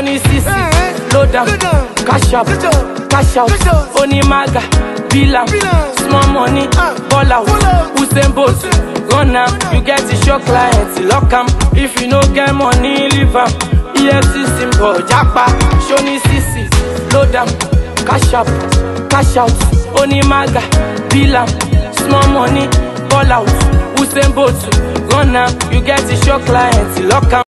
oní sisi lódà cash up cash out oní maga bila small money ah. ball out usain bolt run now, you get sure client lock am if you no get money leave am efcc ń bọ̀ jápa ṣóní sisi lódà cash up cash out oní maga bila small money ball out usain bolt run now, you get sure client lock am.